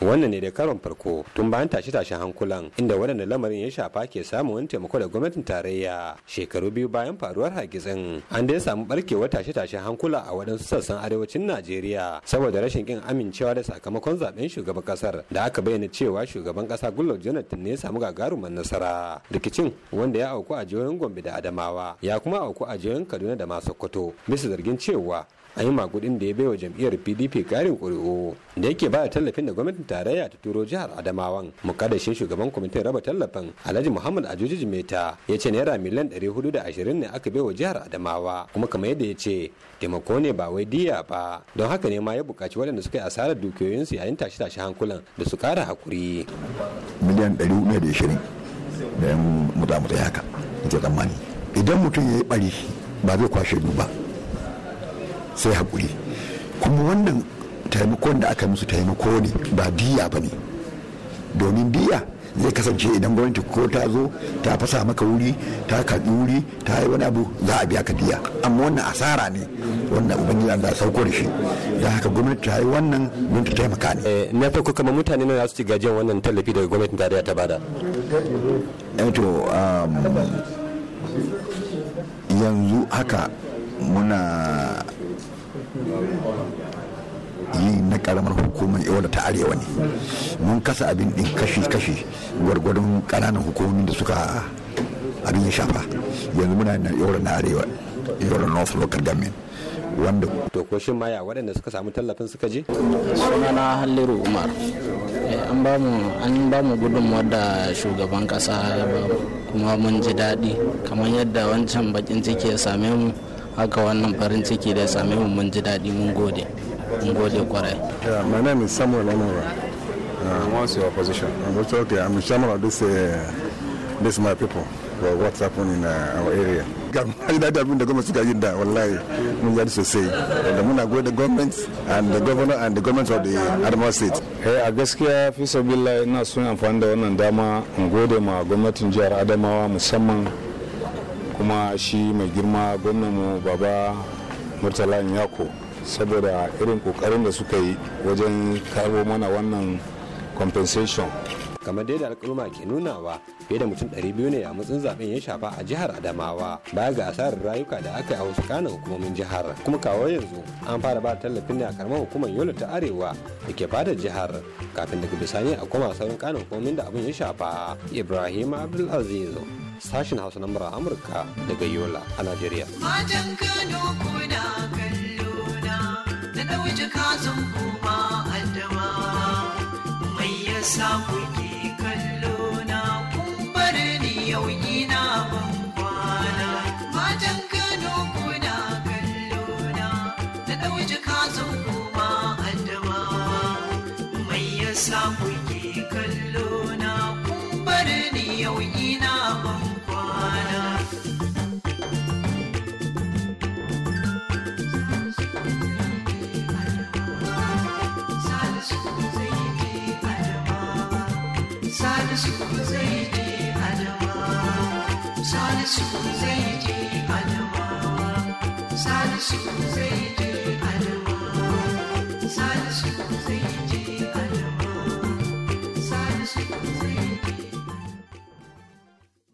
wannan ne da karon farko tun bayan tashe-tashen hankulan inda waɗanda lamarin ya shafa ke samun wani taimako da gwamnatin tarayya shekaru biyu bayan faruwar hargitsin an dai samu barkewar tashe-tashen hankula a waɗansu sassan arewacin najeriya saboda rashin kin amincewa da sakamakon zaben shugaban ƙasar, da aka bayyana cewa shugaban ƙasa. gullo jonathan ne ya samu gagarumar nasara rikicin wanda ya auku a jihohin gombe da adamawa ya kuma auku a jihohin kaduna da ma sokoto bisa zargin cewa an yi makudin da ya baiwa jam'iyyar pdp karin ƙuri'u da yake ba da tallafin da gwamnatin tarayya ta turo jihar adamawan mukaddashin shugaban kwamitin raba tallafin alhaji muhammad ajuji jimeta ya ce naira miliyan 420 ne aka bai wa jihar adamawa kuma kamar yadda ya ce taimako ne ba wai diya ba don haka ne ma ya bukaci waɗanda suka yi asarar dukiyoyinsu yayin tashi tashi hankulan da su ƙara hakuri miliyan 420 da yan mutu haka ke tsammani idan mutum ya yi bari ba zai kwashe ba sai hakuri kuma wannan taimakon da aka musu taimako ne ba diya ba ne domin diya zai kasance idan gwamnati ko ta zo ta fasa maka wuri ta karbi wuri ta yi wani abu za a biya ka diya amma wannan asara ne wannan ubangiji Allah sauko da shi da haka gwamnati ta yi wannan gwamnati ta taimaka ne eh, na farko kamar mutane na su ci gajiyar wannan tallafi daga gwamnatin tarayya ta bada eh, to um, yanzu haka muna yi na karamar hukumar yawar ta arewa ne mun kasa abin din kashi-kashi gwargwadon kananan hukumomin da suka abin ya shafa yanzu muna na yawar na arewa da north local government wanda to ko shi maya waɗanda suka samu tallafin suka je sunana halliru umar eh, an ba mu an ba mu gudun wadda shugaban kasa ya ba kuma mun ji daɗi kamar yadda wancan bakin ciki ya same mu haka wannan farin ciki da ya same mu mun ji daɗi mun gode ngoje kwarai yeah my name is samuel onora uh, what's your position i'm also okay i'm chairman of this uh, this my people for what's happening in uh, our area ji daɗi abin da gwamnati suka yi da wallahi mun ji sosai da muna gode government and the governor and the government of the Adamawa state. Eh a gaskiya fi sabila ina son amfani da wannan dama in gode ma gwamnatin jihar Adamawa musamman kuma shi mai girma gwamnan mu baba Murtala Yako saboda irin kokarin da suka yi wajen kawo mana wannan compensation kamar dai da al'umma ke nunawa fiye da mutum 200 ne a matsin zaben ya shafa a jihar adamawa baya ga asarar rayuka da aka yi a wasu kanan hukumomin jihar kuma kawo yanzu an fara ba tallafin ne a karamar hukumar yola ta arewa da ke fadar jihar kafin daga bisani a koma sauran kanan hukumomin da abin ya shafa ibrahim abdulaziz sashen hausa na amurka daga yola a najeriya ɗauji kazan kuma addawa mai yasa kuke kallo na bar ni yau gina ban kwana matan kano kuna kallo na ka ɗauji kazan kuma addawa mai yasa kuke Salisu zai Adama. Salisu zai Adama. Salisu